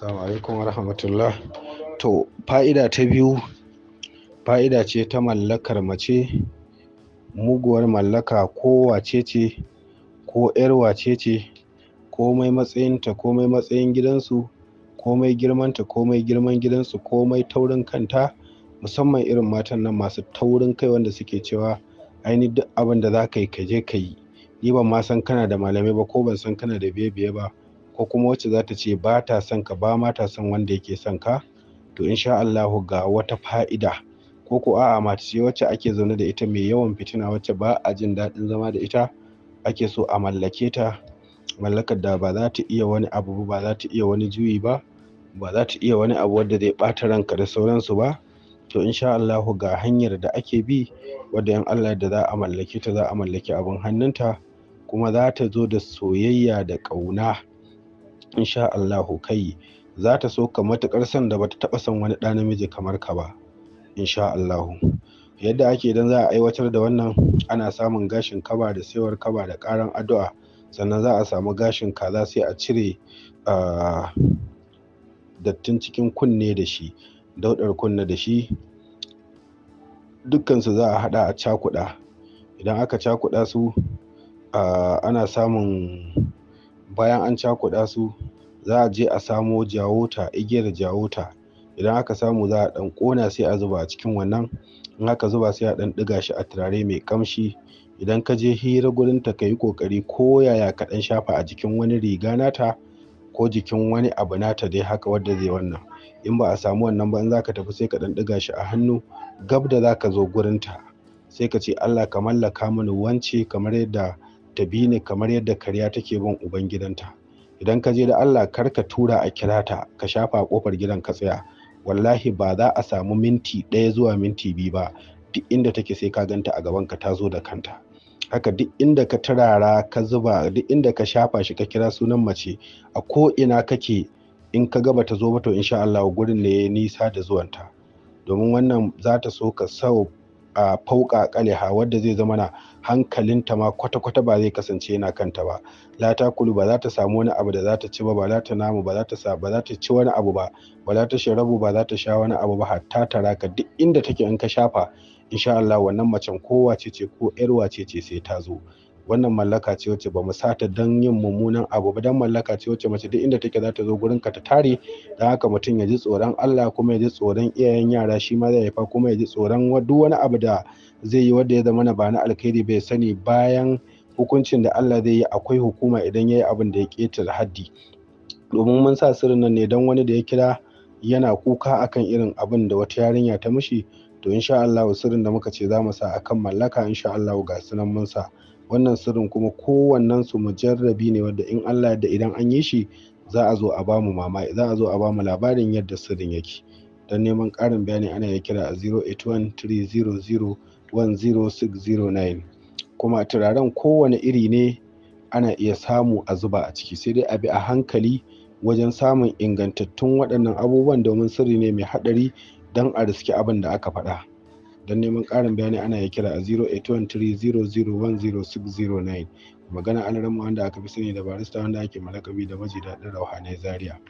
Assalamu alaikum wa rahmatullah. To, fa'ida ta biyu, fa'ida ce ta mallakar mace, muguwar mallaka ko wace ce, ko ‘yar wace ce, komai matsayinta, komai matsayin gidansu, komai girmanta, komai girman gidansu, komai taurin kanta, musamman irin matan nan masu taurin kai wanda suke cewa aini duk abin da za yi, ka je ka yi. Ni ban ma san kana da malamai ba ko ban san kana da biye-biye ba. ko kuma wacce za ta ce ba ta son ka ba ma ta son wanda yake son ka to insha Allah ga wata fa'ida ko ko a'a mace ce wacce ake zaune da ita mai yawan fitina wacce ba a jin daɗin zama da ita ake so a mallake ta mallakar da ba za ta iya wani abu ba za ta iya wani juyi ba ba za ta iya wani abu wadda zai ɓata ranka da sauransu ba to insha Allah ga hanyar da ake bi wadda yan Allah da za a mallake ta za a mallaki abin hannunta kuma za ta zo da soyayya da ƙauna insha Allahu kai za ta so ka matuƙar san da bata taɓa san wani ɗa namiji kamar ka ba insha Allahu yadda ake dan za a aiwatar da wannan ana samun gashin kaba da saiwar kaba da ƙaran addu'a sannan za a samu gashin kaza sai a cire dattin cikin kunne da shi daudar kunne da shi dukkansu za a haɗa a cakuɗa idan aka cakuɗa su ana samun bayan an cakuɗa su za a je a samo jawota igiyar jawota idan aka samu za a ɗan ƙona sai a zuba a cikin wannan in aka zuba sai a ɗan ɗiga shi a turare mai ƙamshi idan ka je hira gurinta ka yi ƙoƙari ko yaya ka ɗan shafa a jikin wani riga nata ko jikin wani abu nata dai haka wadda zai wannan in ba a samu wannan ba in za ka tafi sai ka ɗan ɗiga shi a hannu gab da za ka zo gurinta sai ka ce Allah ka mallaka mini wance kamar yadda ta bi ne kamar yadda karya take bin uban gidanta idan ka je da Allah kar ka tura a kirata ka shafa a kofar gidan ka tsaya wallahi ba za a samu minti ɗaya zuwa minti biyu ba duk inda take sai ka ganta a gaban ka ta zo da kanta haka duk inda ka turara ka zuba duk inda ka shafa shi ka kira sunan mace a ko ina kake in ka gaba ta zo ba to insha Allah gurin ne ya nisa da zuwanta domin wannan za ta so ka sau a fauka kaliha wadda zai zama na hankalinta ma kwata-kwata ba zai kasance yana kanta ba lata kulu ba za ta samu wani abu da za ta ci ba ba za ta namu ba za ta sa ba za ta ci wani abu ba ba za ta sharabu ba za ta sha wani abu ba hatta ta raka duk inda take in ka shafa insha Allah wannan macen ko ce ko yar wace ce sai ta zo wannan mallaka ce wacce ba mu sata dan yin mummunan abu ba dan mallaka ce wacce mace duk inda take za ta zo gurin ka ta tare dan haka mutum ya ji tsoron Allah kuma ya ji tsoron iyayen yara shi ma zai fa kuma ya ji tsoron duk wani abu da zai yi wanda ya zama na ba na alkhairi bai sani bayan hukuncin da Allah zai yi akwai hukuma idan ya yi abin da ya keta haddi domin mun sa sirrin nan ne dan wani da ya kira yana kuka akan irin abin da wata yarinya ta mishi to insha Allah sirrin da muka ce za mu sa akan mallaka insha Allah ga sunan mun sa wannan sirrin kuma kowannen su mujarrabi ne wanda in Allah da idan an yi shi za a zo a ba mu mama za a zo a ba mu labarin yadda sirrin yake don neman ƙarin bayani ana ya kira a 08130010609. kuma turaren kowane iri ne ana iya samu a zuba a ciki sai dai a bi a hankali wajen samun ingantattun waɗannan abubuwan domin sirri ne mai haɗari don a riski abin da aka faɗa don neman ƙarin bayani ana ya kira a 0813001069 magana ramu wanda aka fi sani da barista wanda ake malakabi da maji daɗin rauhanai zaria